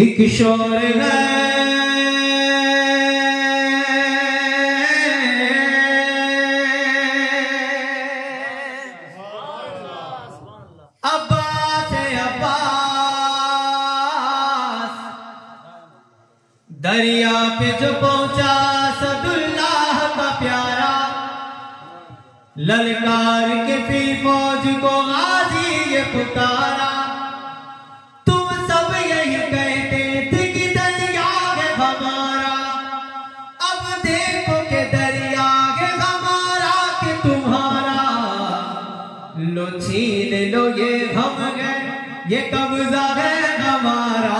ایک شور ہے دریا پہ جو پہنچا سد اللہ کا پیارا للکار کے پی فوج کو یہ پتارا یہ قبضہ ہے ہمارا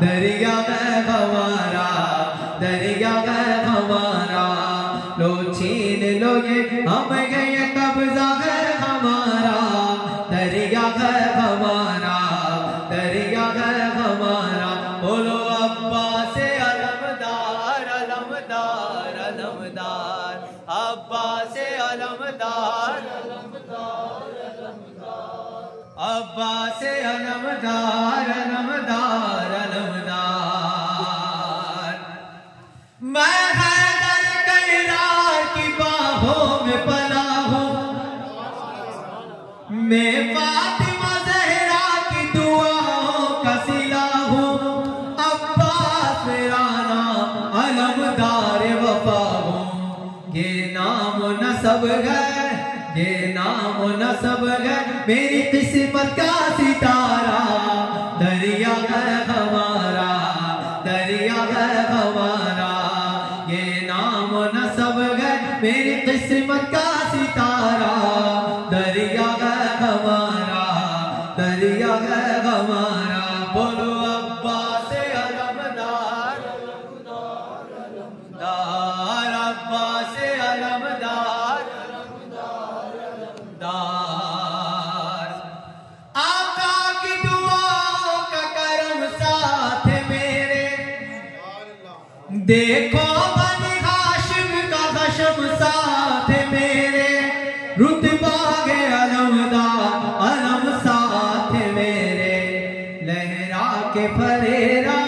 دریا ہے ہمارا دریا ہے ہمارا لو چھین لو یہ ہم گئے قبضہ ہے ہمارا دریا ہے ہمارا دریا ہے ہمارا بولو ابا سے علمدار علمدار المدار المدار ابا سے عدم عباس علمدار علمدار علمدار میں میں پتا ہوں میں بات و دہرات دعا کسی لاہوں اباپرا رام علمدار وفا ہوں یہ نام نصب ہے سب ہے میری قسمت کا ستارہ دریا ہے ہمارا دریا ہے ہمارا یہ نام و نصب ہے میری قسمت کا ستارہ دریا ہے ہمارا دریا ہے ہمارا شاشم ساتھ میرے علم دا علم ساتھ میرے لہرا کے فریرا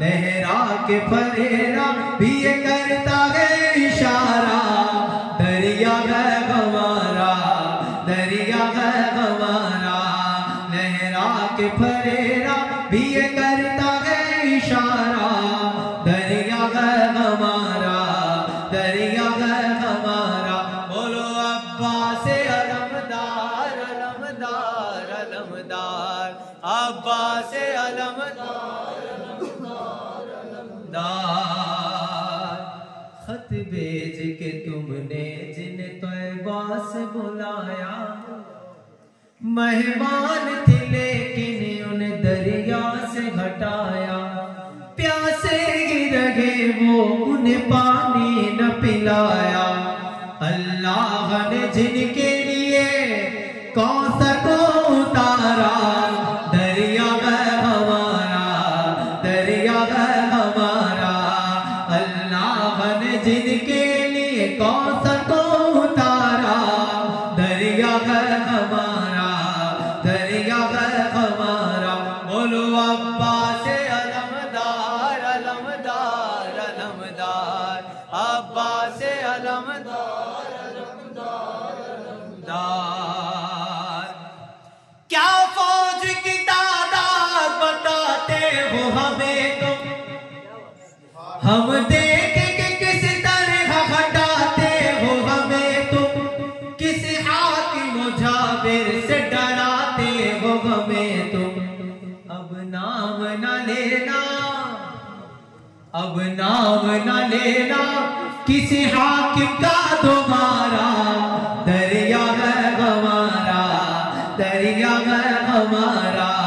لہرا کے فریرا بھی کرتا اشارہ دریا گمارا دریا گمارا لہرا کے فریرا بھی علمدار عباس علمدار خط بیج کے تم نے جن کو عباس بلایا مہمان تھی لیکن ان دریا سے ہٹایا پیاسے گرگے وہ انہیں پاس سے ڈراتے ہو ہمیں تم اب نام نہ لینا اب نام نہ لینا کسی حاکم کا تمہارا دریا گ ہمارا دریا گ ہمارا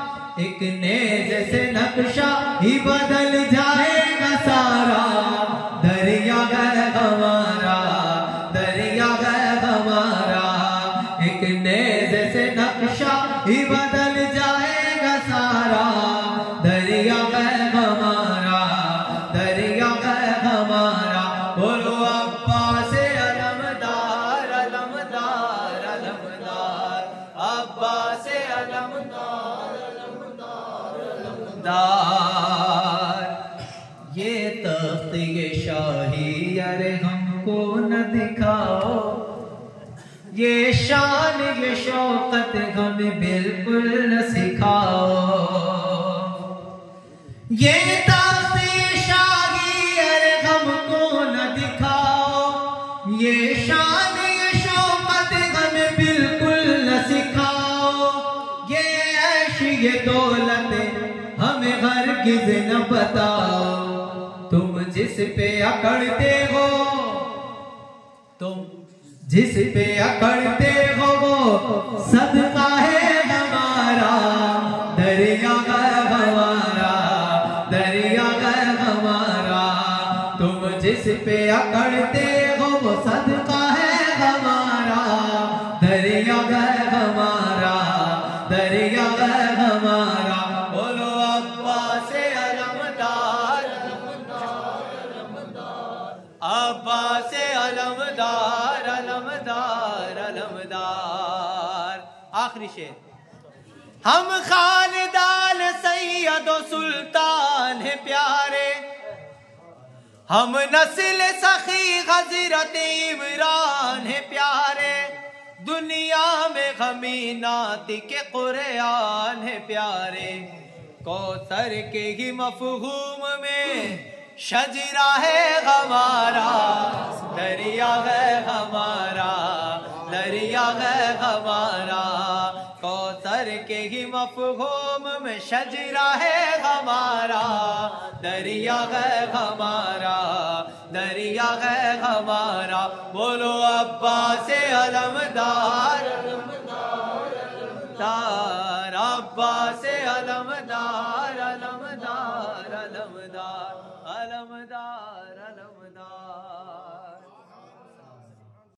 ایک نیز سے نقشہ ہی بدل جائے گا سارا دریا گئے ہمارا دریا گئے ہمارا ایک نیز سے نقشہ ہی بدل جائے گا سارا دریا گئے ہمارا دریا گئے ہمارا بولو ابا سے علمدار علمدار علمدار ابا سے علمدار یہ تخت یہ شاہی ارے ہم کو نہ دکھاؤ یہ شان یہ شوقت ہمیں بالکل نہ سکھاؤ یہ تو کسے نہ بتا تم جس پہ اکڑتے ہو تم جس پہ اکڑتے ہو وہ صدقہ ہے ہمارا دریا گر ہمارا دریا گر ہمارا تم جس پہ اکڑتے ہو وہ صدقہ ہے ہمارا دریا گر آخری شعر ہم خاندان سید و سلطان پیارے ہم نسل سخی حضرت عمران پیارے دنیا میں غمینات کے قرآن پیارے کوثر کے ہی مفہوم میں شجرہ ہے ہمارا دریا ہے ہمارا دریا ہے ہمارا کوثر کے ہی مفہوم میں شجرا ہے ہمارا دریا ہے ہمارا دریا ہے ہمارا بولو ابا سے علم دار